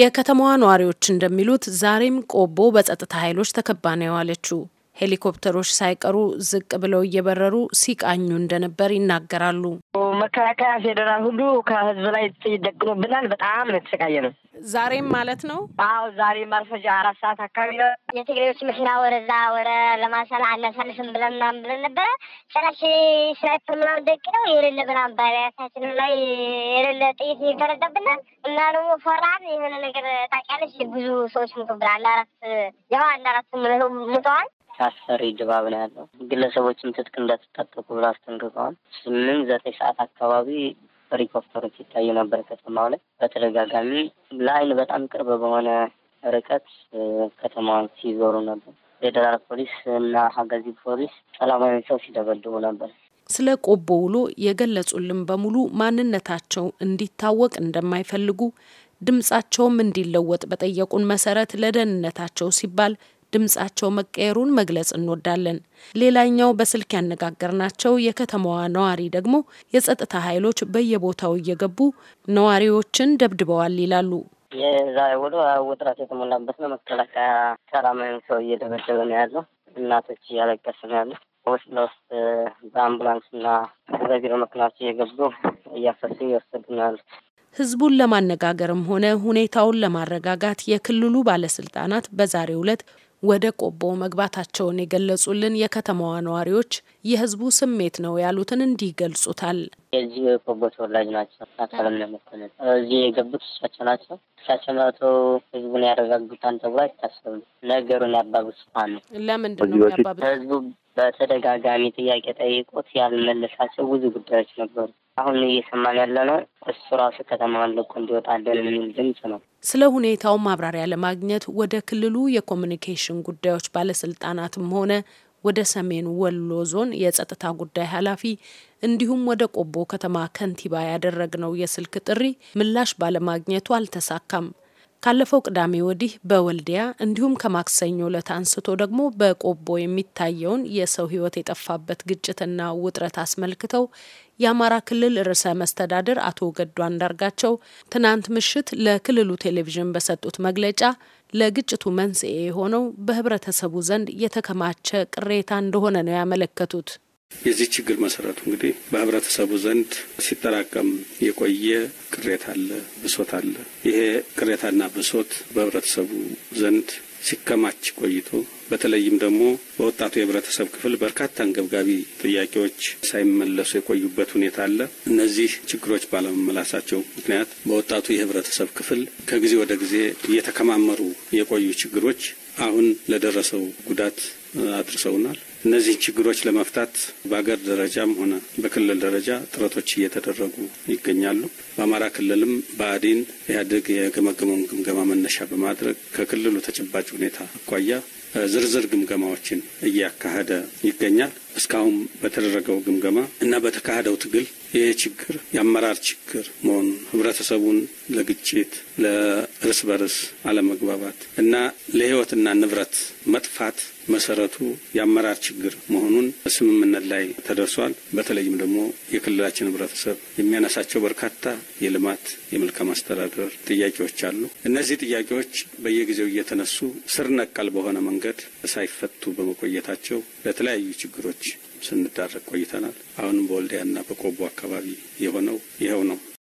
የከተማዋ ነዋሪዎች እንደሚሉት ዛሬም ቆቦ በጸጥታ ኃይሎች ተከባ ነው የዋለችው። ሄሊኮፕተሮች ሳይቀሩ ዝቅ ብለው እየበረሩ ሲቃኙ እንደነበር ይናገራሉ። መከላከያ፣ ፌዴራል ሁሉ ከህዝብ ላይ ጥይት ደቅኖብናል። በጣም ነው የተሰቃየ ነው። ዛሬም ማለት ነው? አዎ ዛሬ ማርፈጃ አራት ሰዓት አካባቢ ነው የትግሬዎች መኪና ወረዛ ወረ ለማሰል አናሳልፍም ብለን ምናምን ብለን ነበረ። ሰላሽ ስናይፐር ምናምን ደቅ ነው የሌለ ምናምን ባሪያታችንም ላይ የሌለ ጥይት ይፈረደብናል እና ደግሞ ፈራን። የሆነ ነገር ታውቂያለሽ፣ ብዙ ሰዎች ሙቶብናል። አንድ አራት ያው አንድ አራት ሙተዋል። አሰሪ ድባብ ነው ያለው። ግለሰቦችም ትጥቅ እንዳትታጠቁ ብሎ አስጠንቅቀዋል። ስምንት ዘጠኝ ሰዓት አካባቢ ሄሊኮፕተሮች ይታዩ ነበር ከተማው ላይ በተደጋጋሚ ለአይን በጣም ቅርብ በሆነ ርቀት ከተማዋን ሲዞሩ ነበር። ፌደራል ፖሊስ እና ሀገዚ ፖሊስ ሰላማዊ ሰው ሲደበድቡ ነበር። ስለ ቆቦ ውሎ የገለጹልን በሙሉ ማንነታቸው እንዲታወቅ እንደማይፈልጉ ድምጻቸውም እንዲለወጥ በጠየቁን መሰረት ለደህንነታቸው ሲባል ድምጻቸው መቀየሩን መግለጽ እንወዳለን። ሌላኛው በስልክ ያነጋገርናቸው የከተማዋ ነዋሪ ደግሞ የጸጥታ ኃይሎች በየቦታው እየገቡ ነዋሪዎችን ደብድበዋል ይላሉ። የዛሬ ወደ ውጥረት የተሞላበት ነው። መከላከያ ሰላማዊ ሰው እየደበደበ ነው ያለው። እናቶች እያለቀስ ነው ያሉ። ውስጥ ለውስጥ በአምቡላንስ በአምቡላንስና በቢሮ መኪናዎች እየገቡ እያፈሱ እየወሰዱ ነው ያሉ። ህዝቡን ለማነጋገርም ሆነ ሁኔታውን ለማረጋጋት የክልሉ ባለስልጣናት በዛሬው ዕለት ወደ ቆቦ መግባታቸውን የገለጹልን የከተማዋ ነዋሪዎች የህዝቡ ስሜት ነው ያሉትን እንዲህ ገልጹታል። የዚህ ቆቦ ተወላጅ ናቸው። አካልም ለመኮንን እዚህ የገቡት እሳቸው ናቸው። እሳቸው መቶ ህዝቡን ያረጋጉታን ተብሎ አይታሰብም። ነገሩን ያባብሱታል። ለምንድን ነው ያባብሱ ህዝቡ በተደጋጋሚ ጥያቄ ጠይቆት ያልመለሳቸው ብዙ ጉዳዮች ነበሩ። አሁን እየሰማን ያለነው እሱ ራሱ ከተማ ለቆ እንዲወጣለን የሚል ድምጽ ነው። ስለ ሁኔታው ማብራሪያ ለማግኘት ወደ ክልሉ የኮሚኒኬሽን ጉዳዮች ባለስልጣናትም ሆነ ወደ ሰሜን ወሎ ዞን የጸጥታ ጉዳይ ኃላፊ እንዲሁም ወደ ቆቦ ከተማ ከንቲባ ያደረግነው የስልክ ጥሪ ምላሽ ባለማግኘቱ አልተሳካም። ካለፈው ቅዳሜ ወዲህ በወልዲያ እንዲሁም ከማክሰኞ ዕለት አንስቶ ደግሞ በቆቦ የሚታየውን የሰው ሕይወት የጠፋበት ግጭትና ውጥረት አስመልክተው የአማራ ክልል ርዕሰ መስተዳድር አቶ ገዱ አንዳርጋቸው ትናንት ምሽት ለክልሉ ቴሌቪዥን በሰጡት መግለጫ ለግጭቱ መንስኤ የሆነው በህብረተሰቡ ዘንድ የተከማቸ ቅሬታ እንደሆነ ነው ያመለከቱት። የዚህ ችግር መሰረቱ እንግዲህ በህብረተሰቡ ዘንድ ሲጠራቀም የቆየ ቅሬታ አለ፣ ብሶት አለ። ይሄ ቅሬታና ብሶት በህብረተሰቡ ዘንድ ሲከማች ቆይቶ በተለይም ደግሞ በወጣቱ የህብረተሰብ ክፍል በርካታ አንገብጋቢ ጥያቄዎች ሳይመለሱ የቆዩበት ሁኔታ አለ። እነዚህ ችግሮች ባለመመላሳቸው ምክንያት በወጣቱ የህብረተሰብ ክፍል ከጊዜ ወደ ጊዜ እየተከማመሩ የቆዩ ችግሮች አሁን ለደረሰው ጉዳት አድርሰውናል። እነዚህን ችግሮች ለመፍታት በሀገር ደረጃም ሆነ በክልል ደረጃ ጥረቶች እየተደረጉ ይገኛሉ። በአማራ ክልልም ብአዴን ኢህአዴግ የገመገመውን ግምገማ መነሻ በማድረግ ከክልሉ ተጨባጭ ሁኔታ አኳያ ዝርዝር ግምገማዎችን እያካሄደ ይገኛል። እስካሁን በተደረገው ግምገማ እና በተካሄደው ትግል ይህ ችግር የአመራር ችግር መሆኑን ህብረተሰቡን ለግጭት፣ ለእርስ በርስ አለመግባባት እና ለህይወትና ንብረት መጥፋት መሰረቱ የአመራር ችግር መሆኑን ስምምነት ላይ ተደርሷል። በተለይም ደግሞ የክልላችን ህብረተሰብ የሚያነሳቸው በርካታ የልማት የመልካም አስተዳደር ጥያቄዎች አሉ። እነዚህ ጥያቄዎች በየጊዜው እየተነሱ ስር ነቀል በሆነ መንገድ መንገድ ሳይፈቱ በመቆየታቸው ለተለያዩ ችግሮች ስንዳረግ ቆይተናል። አሁንም በወልዲያና በቆቦ አካባቢ የሆነው ይኸው ነው።